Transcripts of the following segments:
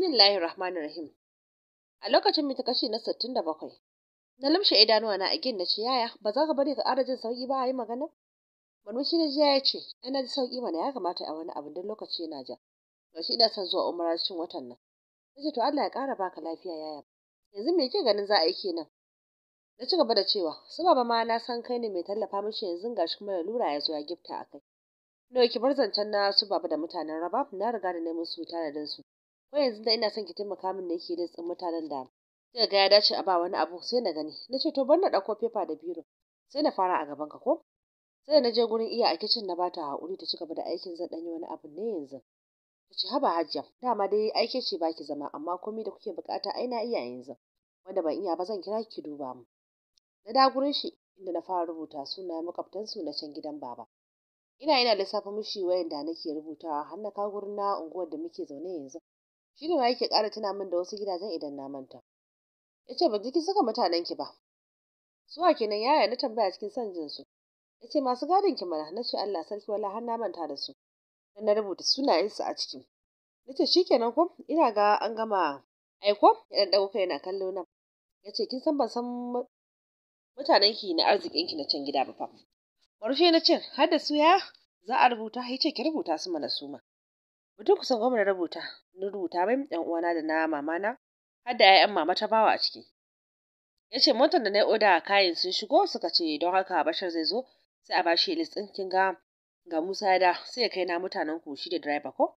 Bismillahir Rahmanir Rahim. A lokacin mita kashi na sittin da bakwai. na lamshe idanuwa na agin na ce yaya ba za ka bari ka ƙara jin sauki ba a yi magana? shi na jiya ya ce, ina ji sauƙi mana ya kamata a wani abin don lokaci yana ja. shi ina son zuwa umara cikin watan nan. Na ce to Allah ya ƙara baka lafiya yaya. Yanzu me ke ganin za a yi kenan? Na ci gaba da cewa, su baba ma na san kai ne mai tallafa mishi yanzu gashi kuma lura ya zo ya gifta a kai. Nawa ki bar zancen na su baba da mutanen raba na riga da neman su tanadin su. ko yanzu da ina son ki taimaka min da yake listin mutanen da kika ga ya dace a ba wani abu sai na gani na ce to bar na ɗauko fefa da biro sai na fara a gaban ka ko sai na je gurin iya a kicin na bata haƙuri ta cigaba da aikin zan ɗanyi wani abu ne yanzu ta ce haba hajja dama dai aike ce baki zama amma komai da kuke bukata aina na iya yanzu wanda ban iya ba zan kira ki duba mu na da gurin shi inda na fara rubuta suna su na can gidan baba ina ina lissafa mishi wayan da nake rubutawa har na kawo gurin na unguwar da muke zaune yanzu Shi ne ma yake ƙara tuna min da wasu gidajen idan na manta. Ya ce ban ji kin saka mutanen ki ba. Suwa kenan yaya na tambaya cikin son jin su. Ya ce masu gadin ki mana na ce Allah sarki wala har na manta da su. Dan na rubuta sunayensu a ciki. Na ce shi kenan ko ina ga an gama aiko ya dan dauka yana kallo na. Ya ce kin san ban san mutanen ki na arzikin ki na can gida ba fa. Marushe na ce har da su ya za a rubuta ya ce ki rubuta su mana suma. Mutum kusan goma na rubuta, na rubuta mai yan uwana da na mamana. na har da ƴaƴan mama ta bawa a ciki. Ya ce motar da na yi oda kayan sun shigo suka ce don haka bashar zai zo sai a bashi list ɗin kin ga ga Musa da sai ya kai na mutanen ku shi da driver ko.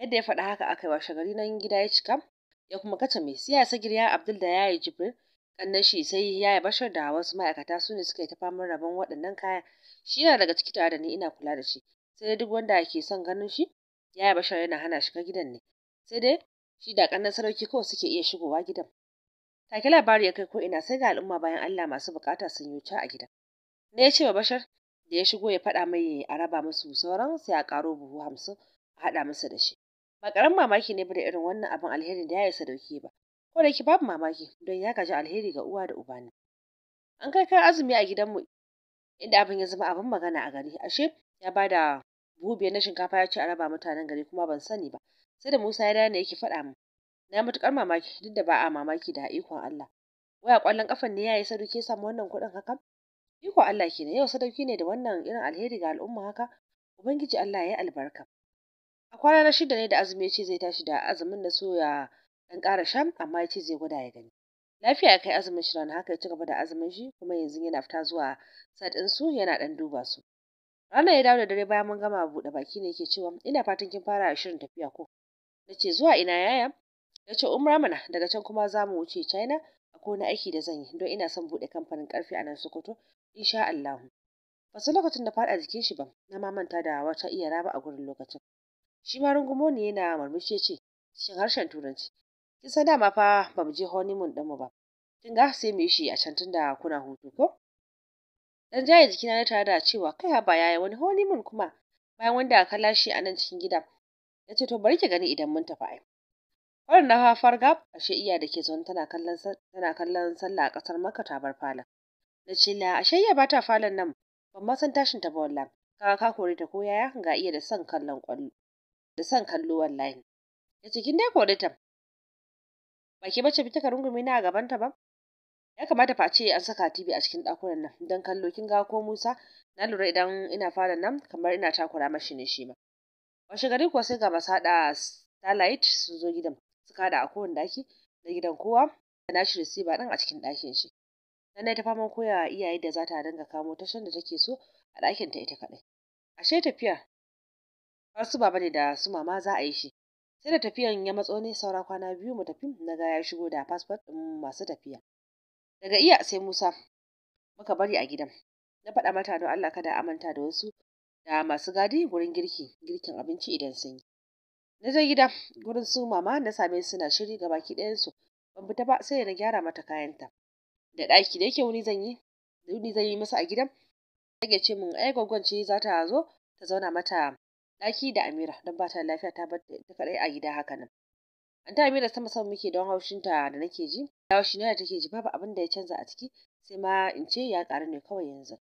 Yadda ya faɗa haka aka yi washe gari nan gida ya cika ya kuma kace mai siyasa girya Abdul da yayi Jibril kannan shi sai yi bashar da wasu ma'aikata su ne suka yi ta faman rabon waɗannan kaya. Shi yana daga ciki tare da ni ina kula da shi. Sai duk wanda ke son ganin shi yaya bashar yana hana shiga gidan ne sai dai shi da ƙannan sarauki kawai suke iya shigowa gidan take labari ya kai ko ina sai ga al'umma bayan Allah masu bukata sun yi a gidan ne ya ce wa bashar da ya shigo ya faɗa mai a raba musu sauran sai a karo buhu hamsin a haɗa musu da shi ba karan mamaki ne ba da irin wannan abin alheri da ya isa ba ko da ki babu mamaki don ya gaji alheri ga uwa da uba ne an kai kayan azumi a gidanmu inda abin ya zama abin magana a gari ashe ya bada buhu biyar na shinkafa ya ce a raba mutanen gari kuma ban sani ba sai da Musa ya dana ne yake faɗa min na matukar mamaki duk da ba a mamaki da ikon Allah waya ƙwallon kafan ne yi sadauki ke samu wannan kuɗin haka ikon Allah kenan yau sadauki ne da wannan irin alheri ga al'umma haka ubangiji Allah ya yi albarka a kwana na shida ne da azumi ya ce zai tashi da azumin na soya ɗan ƙara sham amma ya ce zai gwada ya gani lafiya ya kai azumin shi haka ya ci gaba da azumin shi kuma yanzu yana fita zuwa sat su yana dan duba su Ranar ya dawo da dare bayan mun gama buɗe baki ne yake cewa ina fatan kin fara shirin tafiya ko. Na ce zuwa ina yaya? Ya ce umra mana daga can kuma za mu wuce China akwai wani aiki da zan yi don ina son buɗe kamfanin karfe a nan Sokoto insha Allah. Ba su lokacin da faɗa jikin shi ba na mamanta da wata iyara ba a gurin lokacin. Shi ma rungumo ne yana murmushi ce cikin harshen Turanci. Kin san dama fa ba mu je honeymoon ɗinmu ba. Kin ga sai mu yi shi a can tun da kuna hutu ko? dan jaye jikina na tare da cewa kai haba yaya wani honeymoon kuma bayan wanda aka lashe a nan cikin gida ya ce to bari ki gani idan mun tafi ai kwarin na hafar gab ashe iya da ke zaune tana kallon tana kallon sallah a kasar makka ta bar falon na ce la ashe iya ba ta falon nan ban ma san tashin ta ba wallahi kaga ka kore ta ko yaya ga iya da son kallon kwallo da son kallo wallahi ya ce kin dai kore ta ba ke bace bi ta rungume na a gaban ta ba ya kamata fa ce an saka TV a cikin ɗakunan nan don kallo kin ga ko Musa na lura idan ina fara nan kamar ina takura mashi ne shi ma washe gari kuwa sai ga masu haɗa starlight sun zo gidan suka haɗa a kowane daki, da gidan kowa da nashi receiver ɗin a cikin ɗakin shi nan ta faman koya iyaye da za ta dinga kamo tashan da take so a ɗakin ta ita kadai. ashe tafiya har su baba ne da su mama za a yi shi sai da tafiyan ya matso ne saura kwana biyu mu tafi na ga ya shigo da fasfot ɗin masu tafiya daga iya sai Musa muka bari a gidan na faɗa mata don Allah kada a manta da wasu da masu gadi wurin girki girkin abinci idan sun yi na je gida gurin su mama na same su na shiri ga baki ɗayan su ban fita ba sai na gyara mata kayanta da ɗaki da yake wuni zan yi da wuni zan yi musu a gidan rage ce min ai gwaggon ce za ta zo ta zauna mata ɗaki da Amira don ba ta lafiya ta bar ta kaɗai a gida haka nan an ta mira sama sama muke don ta da nake ji da haushi ne da take ji babu abin da ya canza a ciki sai ma in ce ya karu ne kawai yanzu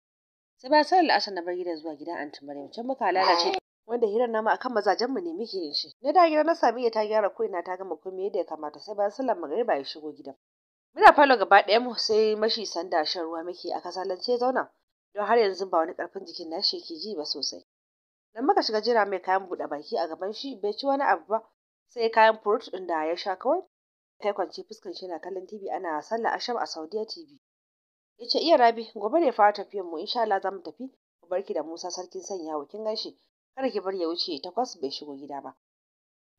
sai ba sai la'asar na bar gidan zuwa gidan anti maryam can muka lalace wanda hirar namu akan mazajen mu ne muke yin shi na da gida na sami ya ta gyara ko'ina ta gama komai yadda ya kamata sai bayan sallar ba ya shigo gidan muna falo gaba ɗaya mu sai mashi sanda shan ruwa muke a kasalance zauna don har yanzu ba wani karfin jikin nashi yake ji ba sosai dan muka shiga jira mai kayan buɗe baki a gaban shi bai ci wani abu ba sai kayan furut ɗin da ya sha kawai kai kwance fuskan shi na kallon TV ana sallar asham a Saudiya TV yace iya rabi gobe ne fara tafiyar mu insha Allah zamu tafi ku barki da Musa sarkin sanya, kin ganshi kada ki bar ya wuce takwas bai shigo gida ba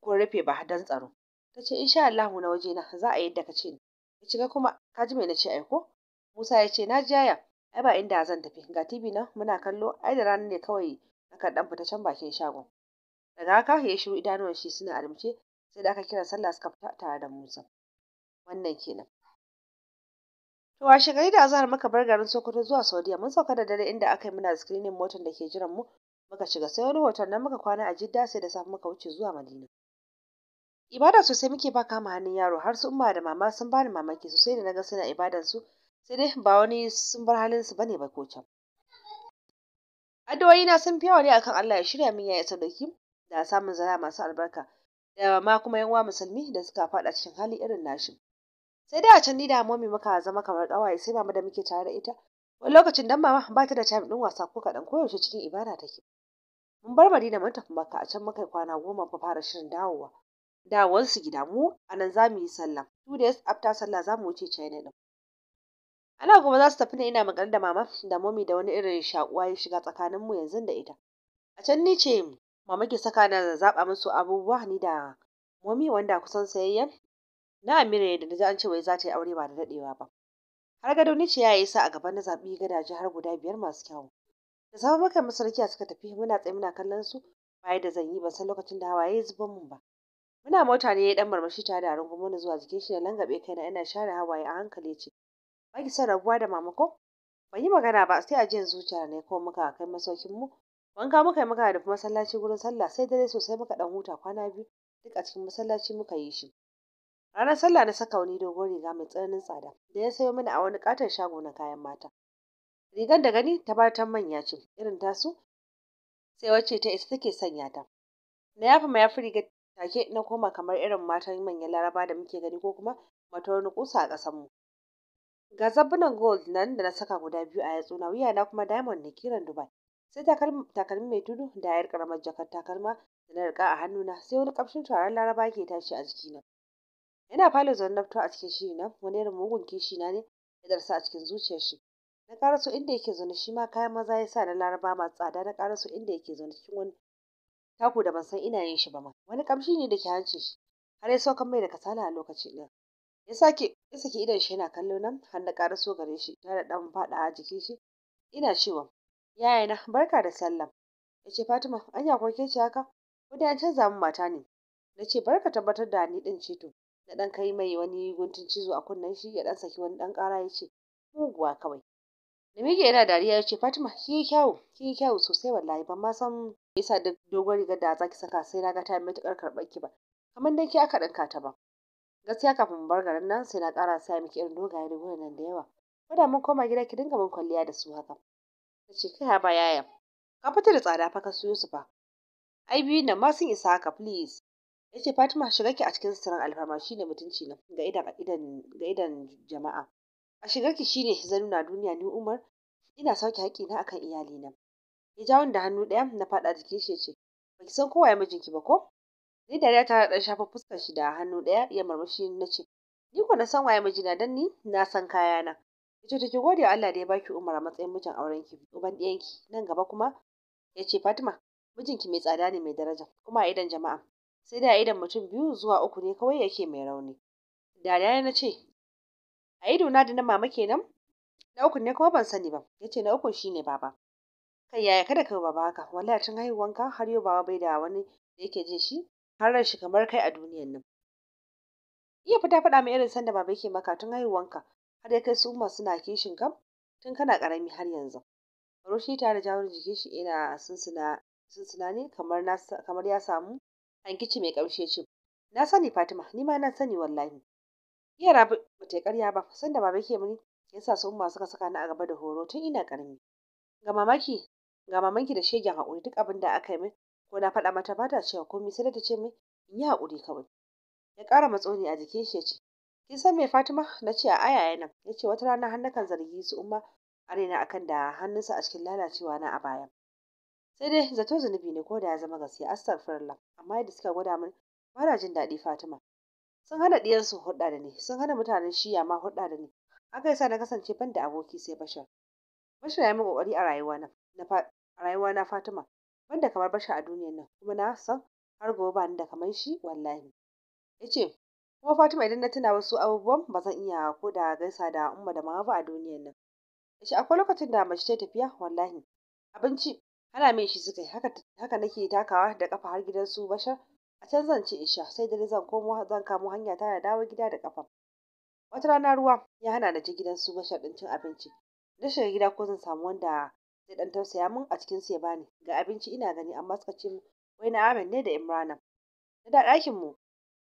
ko rufe ba dan tsaro tace insha Allah na waje na za a yadda kace ni yace ga kuma ka ji me nace ai ko Musa yace na ji yaya ai ba inda zan tafi ga TV na muna kallo ai da ranar ne kawai aka dan fita can bakin shagon daga haka ya shiru idanuwan shi suna a sai da aka kira sallah suka fita tare da Musa wannan kenan to a gari da azahar muka bar garin Sokoto zuwa Saudiya mun sauka da dare inda aka yi muna screening motar da ke jiran mu muka shiga sai wani hoton nan muka kwana a Jidda sai da safe muka wuce zuwa Madina ibada sosai muke ba kama hannun yaro har su umma da mama sun bani mamaki sosai da naga suna ibadan su sai dai ba wani sun bar halin su bane ba ko can addu'o'i na sun fi yawa ne akan Allah ya shirya min yayi sadauki da samun zara masu albarka da ma kuma yan uwa musulmi da suka faɗa cikin hali irin nashi sai dai a can ni da momi muka zama kamar ƙawaye sai mama da muke tare da ita wani lokacin dan mama ba ta da time din wasa ko kaɗan koyaushe cikin ibada take mun bar madina mun tafi makka a can muka kwana goma fa fara shirin dawowa wansu gida mu a nan za mu yi sallah two days after sallah za mu wuce china din ana gobe za su tafi ne ina magana da mama da momi da wani irin shakuwa ya shiga tsakanin mu yanzu da ita a can ni ce mama ke saka na zaɓa musu abubuwa ni da momi wanda kusan sayayyen na amira da naji an ce wai za ta yi aure ba da daɗewa ba har gado ni ce yayi sa a gaban na zabi gadaje har guda biyar masu kyawu da safe muka Masarki suka tafi muna tsaye muna kallon su baya da zan yi ban san lokacin da hawaye zuban mun ba muna mota ne dan marmashi ta da rungumo na zuwa jikin shi da langabe kaina ina share hawaye a hankali ce ba ki son rabuwa da mamako. ban yi magana ba sai a jiyan zuciya ne ko muka kai masaukin mu wanka muka yi muka nufi masallaci gurin sallah sai dare sosai muka ɗan huta kwana biyu duk a cikin masallaci muka yi shi ranar sallah na saka wani dogon riga mai tsananin tsada da ya sayo mana a wani katon shago na kayan mata rigar da gani ta bata manya ce irin tasu sai wacce ta isa take sanya ta na yafi ma yafi rigar take na koma kamar irin matan manyan laraba da muke gani ko kuma mata wani kusa a kasan mu ga zabbunan gold nan da na saka guda biyu a yatsuna wuya na kuma diamond ne, kiran dubai sai takalmi mai tudu da yar karamar jakar takalma da na riƙa a hannuna sai wani ƙamshin turaren laraba ke tashi a jikina yana falo zannabto a cikin shi ne wani irin mugun kishi na ne ya darsa a cikin zuciyar shi na karaso inda yake zaune shi ma kayan maza ya sa na laraba masu tsada na karaso inda yake zaune cikin wani taku da ban san ina yin shi ba ma wani ƙamshi ne da ke hancin shi har ya saukan mai da kasala a lokacin ɗin ya sake ya saki idon shi yana kallo nan har na karaso gare shi tare da ɗan faɗa a jikin shi ina cewa yaya na barka da sallah. yace Fatima anya kuwa ke ce haka? Ko dai an canza min mata ne? nace ce barka tabbatar da ni din ce to. Na ɗan kai mai wani guntun cizo a kunnen shi ya dan saki wani dan kara ya ce muguwa kawai. Da mike yana dariya yace Fatima ki yi kyau. kyau yi kyau sosai wallahi ban ma san me yasa duk dogon rigar da zaki saka sai na ga ta matukar karbar ki ba. Kamar dai ki aka ɗinka ta ba. Gaskiya kafin mu bar garin nan sai na kara sa miki irin dogayen rigunan nan da yawa. Ko da mun koma gida ki dinga mun kwalliya da su haka. ta ce kai haba yayan ka fita da tsada fa ka suyo su fa ai biyu, nan ma sun isa haka please ya fatima shiga ki a cikin suturan alfarma shine mutunci na ga idan idan ga idan jama'a a shiga ki shine zanuna duniya ni umar ina sauke haƙi na akan iyali na ya ja da hannu ɗaya na faɗa jikin shi ya ce ki san kowa ya mijinki ba ko ni dariya ta ɗan shafa fuskar shi da hannu ɗaya ya marmashi na ce ni ko na san waye mijina dan ni na san kayana ya ce gode Allah da ya baki Umar a matsayin mijin auren ki uban ɗiyanki nan gaba kuma ya ce Fatima mijinki mai tsada ne mai daraja kuma a idan jama'a sai da a idan mutum biyu zuwa uku ne kawai yake mai rauni dariya na ce a ido da na mama kenan na uku ne kuma ban sani ba ya ce na uku shine baba kai yaya kada ka baba haka wallahi tun haihuwanka har yau baba bai da wani da yake jin shi har ran shi kamar kai a duniyan nan iya fita faɗa mai irin sanda baba yake maka tun haihuwanka har ya kai su umma suna kishin kam tun kana karami har yanzu shi tare da jawar jikin shi yana sunsuna sunsuna ne kamar na kamar ya samu hankici mai kamshe ce na sani Fatima ni ma na sani wallahi yara ba ta karya ba san da baba ke muni yasa su umma suka saka ni a gaba da horo tun ina karami ga mamaki ga mamanki da shegen haƙuri duk abin da aka yi min ko na faɗa mata ba cewa komai sai da ta ce min in yi haƙuri kawai ya ƙara matsoni a jikin shi ya ce kin san me Fatima na ce a yaya nan ya ce wata rana har zargi su umma a kan akan da hannunsa a cikin lalacewa na a baya sai dai zato zunubi ne ko da ya zama gaskiya astaghfirullah amma yadda suka gwada min ba jin daɗi Fatima sun hana ɗiyansu hudda da ni sun hana mutanen shiya ma huɗa da ni haka yasa na kasance ban da aboki sai Bashar Bashar ya yi min kokari a rayuwa na a rayuwa na Fatima Banda kamar Bashar a duniyar nan kuma na san har gobe ba ni da kamar shi wallahi yace kuma Fatima idan na tuna wasu abubuwan ba zan iya ko da gaisa da umma da mama ba a duniyar nan shi akwai lokacin da mace ta tafiya wallahi abinci ana mai shi suka haka nake takawa da kafa har gidan su bashar a can zan ci isha sai dare zan komo zan kamo hanya ta da dawo gida da kafa wata rana ruwa ya hana na je gidan su bashar din cin abinci na shiga gida ko zan samu wanda zai dan tausaya mun a cikin su ya bani ga abinci ina gani amma suka ce wai na ne da imrana na da ɗakin mu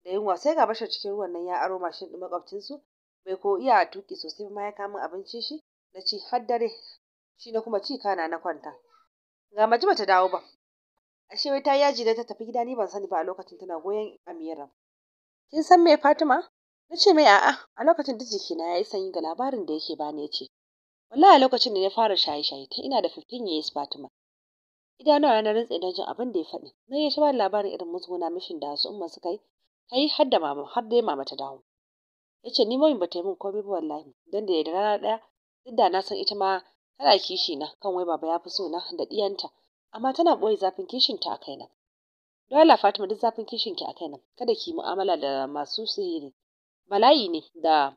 da yunwa sai ga bashar cikin ruwan nan ya aro mashin ɗin makwabcinsu bai ko iya tuki sosai ma ya kama abincin shi na ci har dare shi na kuma ci kana na kwanta ga maji bata dawo ba ashe wai ta yaji da ta tafi gida ni ban sani ba a lokacin tana goyon amira kin san me fatima na ce mai a'a a lokacin da jikina ya yi sanyi ga labarin da yake bani ya ce wallahi a lokacin da na fara shaye-shaye ta ina da 15 years fatima idanuwa na rantsa idan jin abin da ya faɗi na yi shabar labarin irin musguna mishin da su umma suka yi kai har da mama har dai mama ta dawo ya ce ni mawin bata yi min komai ba wallahi dan da rana ɗaya duk da na san ita ma tana kishi na kan wai baba ya fi so na da ɗiyanta amma tana ɓoye zafin kishinta a kaina dole Fatima duk zafin kishinki a kaina kada ki mu'amala da masu sihiri bala'i ne da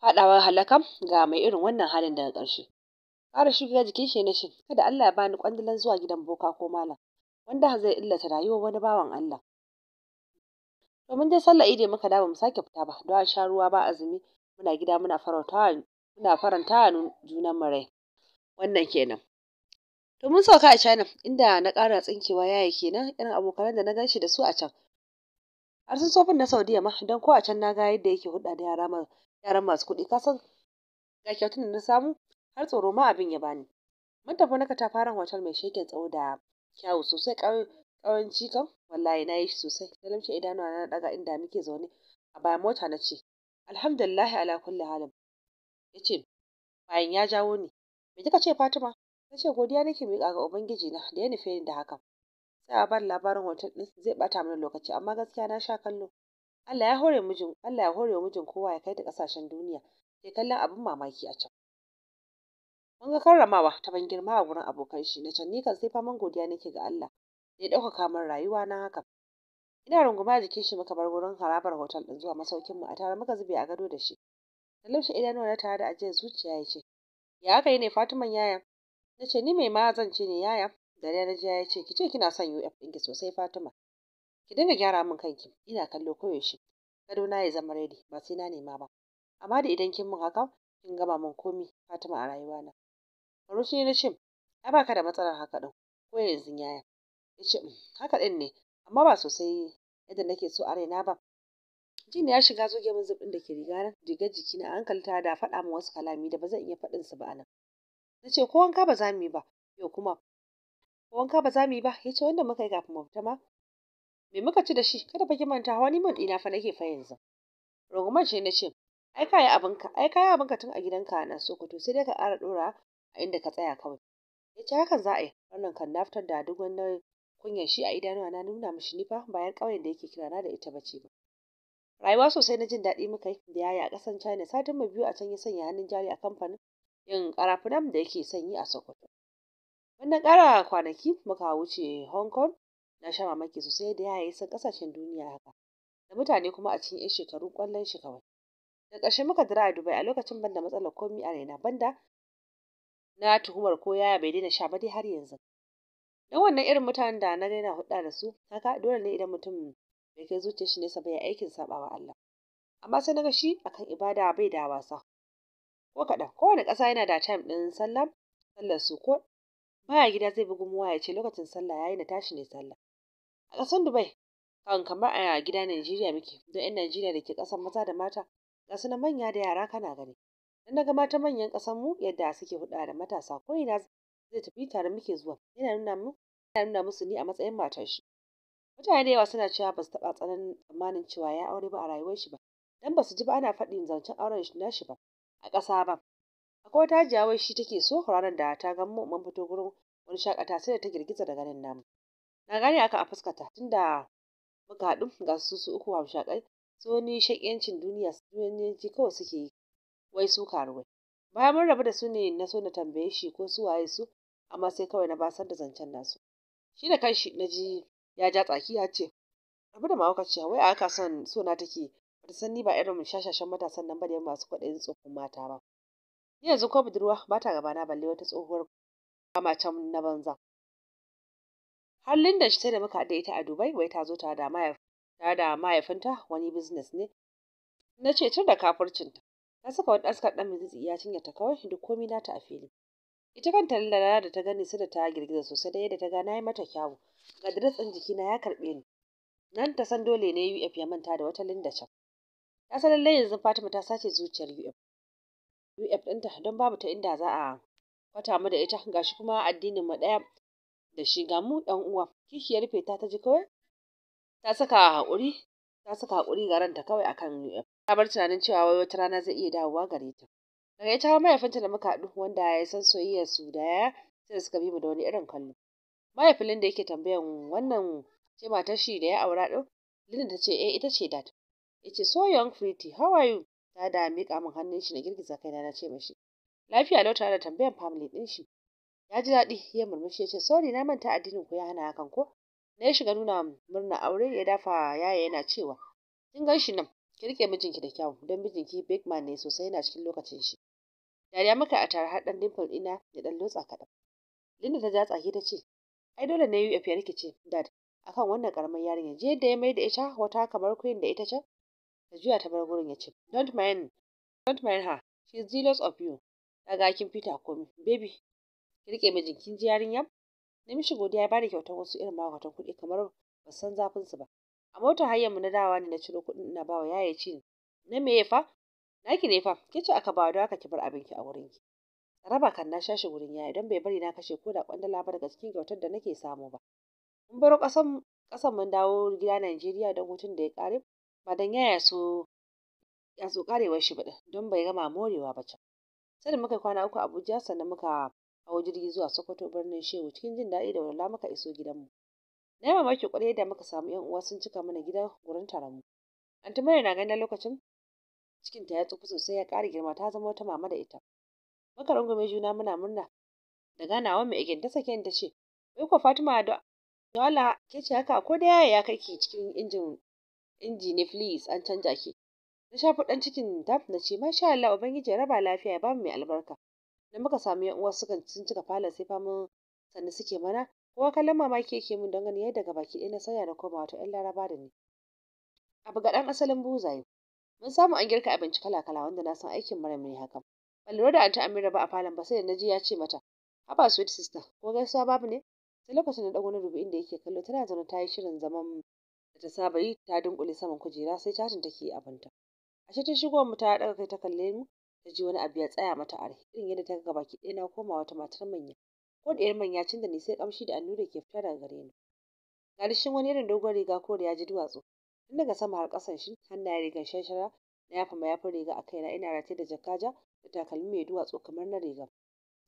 faɗawa halaka ga mai irin wannan halin daga ƙarshe ƙara shiga jikin shi na shi kada Allah ya bani kwandilan zuwa gidan boka ko malam wanda zai illata rayuwar wani bawan Allah To mun je sallah idi muka dawo mu sake fita ba, don a sha ruwa ba azumi muna gida muna farautawa muna faranta junan Wannan kenan. To mun sauka a China inda na ƙara tsinkewa yaya kenan irin abokan da na ganshi da su a can. Har sun sofin na Saudiya ma dan ko a can na ga yadda yake huda da yara ma yaran masu kuɗi ka san ga kyautun da na samu har tsoro ma abin ya bani. Mun tafi na katafaren hotel mai shekin tsawo da kyawu sosai ƙawanci kam wallahi na yi shi sosai na lamshe idanu na daga inda muke zaune a bayan mota na ce alhamdulillahi ala kulli halin ya ce bayan ya jawo ni me kika ce fatima na ce godiya nake miƙa ga ubangiji na da ya nufe ni da hakan sai a bar labarin hotel ɗin zai bata mana lokaci amma gaskiya na sha kallo Allah ya hore mijin Allah ya hore mijin kowa ya kai ta ƙasashen duniya ke kallon abin mamaki a can mun ga karramawa ta ban girma a gurin abokan shi na can ni kan sai faman godiya nake ga Allah ya ɗaukaka min rayuwa na haka. Ina runguma a jikin shi muka bar gurin harabar hotel ɗin zuwa masaukin mu a tare muka zube a gado da shi. Da lamshe idanuwa na tare da ajiyar zuciya ya ce, Ya aka yi ne Fatiman yaya? Na ce ni mai ma zan ne yaya? Da na ji ya ce, Ki ce kina son UF ki sosai Fatima. Ki dinga gyara min kanki, ina kallo koyaushe. Gado na ya zama redi, ba sai na nema ba. Amma da idan kin min haka, kin gama min komi Fatima a rayuwana. Barushi na ce, Ai baka da matsalar haka ɗin, ko yanzu yaya. ya ce mm, haka ɗin ne amma ba sosai yadda nake so a raina ba jin ya shiga zoge min zubin da ke rigar rigar jiki a hankali ta da faɗa min wasu kalami da ba zan iya faɗin su ba anan na ce ko wanka ba za mu yi ba yo kuma ko wanka ba za mu yi ba ya wanda muka yi kafin mu ma me muka ci da shi kada fa ki manta wani mun ɗina fa nake fa yanzu rungumar ce na ce ai ka yi abinka ai ka yi abinka tun a gidanka na Sokoto sai dai ka ƙara ɗora a inda ka tsaya kawai ya ce hakan za a yi wannan kan naftar da duk wani kunyar shi a idanuwa na nuna mishi nifa bayan ƙauyen da yake kira na da ita bace ba rayuwa sosai na jin daɗi muka yi da yaya a ƙasan China satin mu biyu a can ya sanya hannun jari a kamfanin yin da yake sanyi a Sokoto wannan ƙara kwanaki muka wuce Hong Kong na sha mamaki sosai da yaya san ƙasashen duniya haka da mutane kuma a cikin 'yan shekaru ƙwallon shi kawai da ƙarshe muka dira a Dubai a lokacin banda matsalar komi a raina banda na tuhumar ko yaya bai daina sha ba dai har yanzu don wannan irin mutanen da na daina hudda da su kaga dole ne idan mutum bai kai zuciyar shi nesa ba ya aikin sabawa Allah amma sai naga shi akan ibada bai da wasa ko kaɗan kowane kasa yana da time din sallah sallar su ko baya gida zai bugu muwa ya ce lokacin sallah yayi na tashi ne sallah a ƙasar Dubai kan kamar a gida Najeriya muke don 'yan Najeriya da ke ƙasar maza da mata ga su manya da yara kana gani dan naga mata manyan kasan mu yadda suke huɗa da matasa ko ina zai tafi tare muke zuwa yana nuna mu yana nuna musu ni a matsayin matar shi mutane da yawa suna cewa ba su taɓa tsammanin cewa ya aure ba a rayuwar shi ba dan ba su ji ba ana faɗin zancen auren nashi ba a ƙasa ba akwai wata hajiya wai shi take so ranar da ta ga mu mun fito gurin wani shakata sai da ta girgiza da ganin namu na gane aka a fuskata tunda muka haɗu ga su su uku shakai su wani shakiyancin duniya yanki kawai suke yi wai su karuwai bayan mun rabu da su ne na so na tambaye shi ko su waye su amma sai kawai na basar da zancen nasu shi da kanshi na ji ya ja tsaki ya ce abu da ce wai a kasan son na take bata san ni ba irin shashashen matasan nan bane masu kwaɗayin tsofaffin mata ba ni yanzu ko budurwa ba ta gabana balle wata tsohuwar kama can na banza har shi sai da muka haɗa ita a Dubai wai ta zo ta da ta da mahaifinta wani business ne na ce tun da kafircinta ta saka wani askar ɗan mizitsi ya cinye ta kawai duk komai ta a fili ita kanta rana da ta gani sai da ta girgiza sosai da yadda ta ga nayi mata kyawu ga jiki jikina ya karɓe ni nan ta san dole ne UF ya manta da wata Linda can ta san lallai yanzu Fatima ta sace zuciyar UF UF ɗinta don babu ta inda za a kwata mu da ita gashi kuma addinin mu ɗaya da shi ga mu ɗan uwa kishiyar feta ta ji kawai ta saka haƙuri ta saka haƙuri ga ranta kawai akan UF ta bar tunanin cewa wai wata rana zai iya dawowa gare ta daga ita har mahaifinta da muka haɗu wanda ya san soyayyar su da ya sai da suka bi mu da wani irin kallo mahaifin da yake tambayan wannan ce matar shi da ya aura din Linda ta ce eh ita ce dat yace so young pretty how are you ta da miƙa min hannun shi na girgiza kai na ce mashi lafiya lau tare da tambayan family din shi ya ji daɗi ya murmushi ya ce sorry na manta addinin ku ya hana hakan ko na ya shiga nuna murna aure ya dafa yaya yana cewa kin gan shi nan ki riƙe mijinki da kyau don mijinki big man ne sosai yana cikin lokacin shi Dariya muka yi a tare har ɗan dimple ina ya dan lotsa kaɗan. Linda ta ja tsaki ta ce, Ai dole ne UF ya ce Dad, akan wannan karamar yarinya, Ji da ya mai da ita wata kamar queen da ita can. Ta juya ta bar gurin ya ce, Don't mind, don't mind her, she jealous of you. daga kin fita komai. Baby, ki rike mijin kin ji yarinya? Na mishi godiya ya bada kyautar wasu irin mahaukatan kuɗi kamar ba san zafin su ba. A motar hanyar mu na dawa ne na ciro kuɗin ina bawa yaya ci. Na ya fa? Naki ne fa, ke ce aka ba don aka ki bar abinki a wurin ki. Raba kan na shashi wurin yayi don bai bari na kashe ko da kwandala ba daga cikin gautar da nake samu ba. Mun baro kasan kasan mun dawo gida Najeriya don hutun da ya ƙare, ba don yaya so ya so karewar shi ba don bai gama morewa ba can. Sai da muka kwana uku Abuja sannan muka hawo jirgi zuwa Sokoto birnin Shehu cikin jin daɗi da walamuka muka iso gidanmu. Na yi mamaki kwarai da muka samu ‘yan uwa sun cika mana gida wurin taron mu. Anti Maryam na ganin lokacin cikinta ya tsufa sosai ya ƙara girma ta zama wata mama da ita muka rungume juna muna murna da ganawa mai igin ta sake ta ce wai ko Fatima da Allah ke ce haka ko da yaya ya kai ki cikin injin inji ne please an canja ki na shafi ɗan cikin daf na ce masha Allah ubangiji raba lafiya ya mu mai albarka da muka samu yan uwa suka sun cika falon sai famun sannan suke mana kowa kallon mamaki yake mun don ganin yadda gabaki ɗaya na sauya da koma wato yan laraba da ni abu ga ɗan asalin buzaye Mun samu an girka abinci kala-kala wanda na san aikin mara mai hakan. Ban lura da anta Amira ba a falon ba sai da na ji ya ce mata, "Haba sweet sister, ko gaisuwa babu ne?" Sai lokacin da ɗago na dubi inda yake kallo tana zaune ta yi shirin zaman da ta saba yi ta dunkule saman kujera sai chatin take yi abinta. shi tun shigowar mu ta ɗaga kai ta kalle mu ta ji wani abu ya tsaya mata a rai irin yadda ta ga gabaki ɗaya na koma wata matar manya. Ko ɗiyar manya cin da ni sai kamshi da da ke fita daga gare ni. Ga wani irin dogon riga koriya ji duwatsu tun daga sama har ƙasan shi hannaye rigar shashara na yafa mayafin riga a kaina ina rataye da jakaja da takalmi mai duwatsu kamar na riga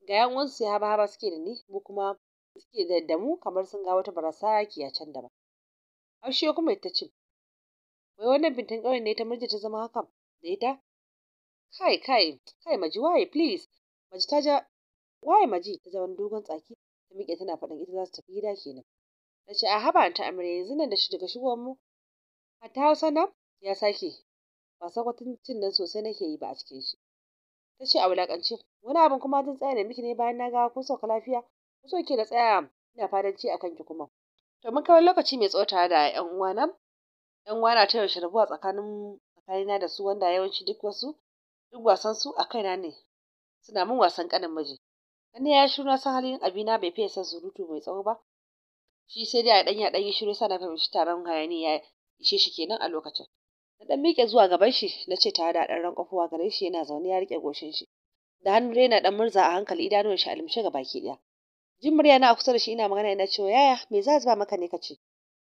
ga yan uwansu ya haba haba suke da ni mu kuma suke da damu kamar sun ga wata ya a can daban shi kuma ita ce wai wannan bintan ƙauyen ne ta murje ta zama haka da ita kai kai kai maji waye please maji ta ja waye maji ta zama dogon tsaki ta miƙe tana faɗin ita za su tafi gida kenan na ce a haba ta amare yanzu nan da shi daga shigowar mu hatta hausa nan ya sake ba cin nan sosai nake yi ba a cikin shi ta ce a wulaƙance wani abin kuma zan tsaya da miki ne bayan na ga kun sauka lafiya ku so ke da tsaya ina fadanci a kanki kuma to mun kawai lokaci mai tsota da ƴan uwana ƴan na ta yaushe rabuwa tsakanin tsakanina da su wanda yawanci duk wasu duk wasan su a kaina ne suna min wasan kanin miji dan ya shiru na san halin abina bai fiye son surutu mai tsawo ba shi sai dai a ɗanya ɗanyi shiru sana fahimci taron hayaniya ishe shi kenan a lokacin na ɗan miƙe zuwa gaban shi na ce tare da ɗan rankwafuwa gare shi yana zaune ya rike goshin shi da hannu yana ɗan murza a hankali idanuwan shi alimshe ga baki ɗaya jin murya na a kusa da shi ina magana ina cewa yaya me za zuba maka ne ka kace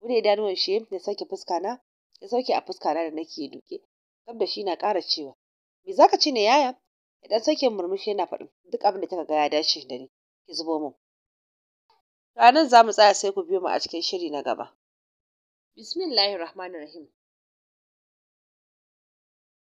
bude idanuwan shi ya sauke fuska na ya sauke a fuska na da nake duke kaf da shi na ƙara cewa me za ka ci ne yaya ya dan sauke murmushi yana faɗin duk abin da kika ga ya dace da ni ki zubo mu ranar za mu tsaya sai ku biyo mu a cikin shiri na gaba Bismillahir Rahmanir Rahim.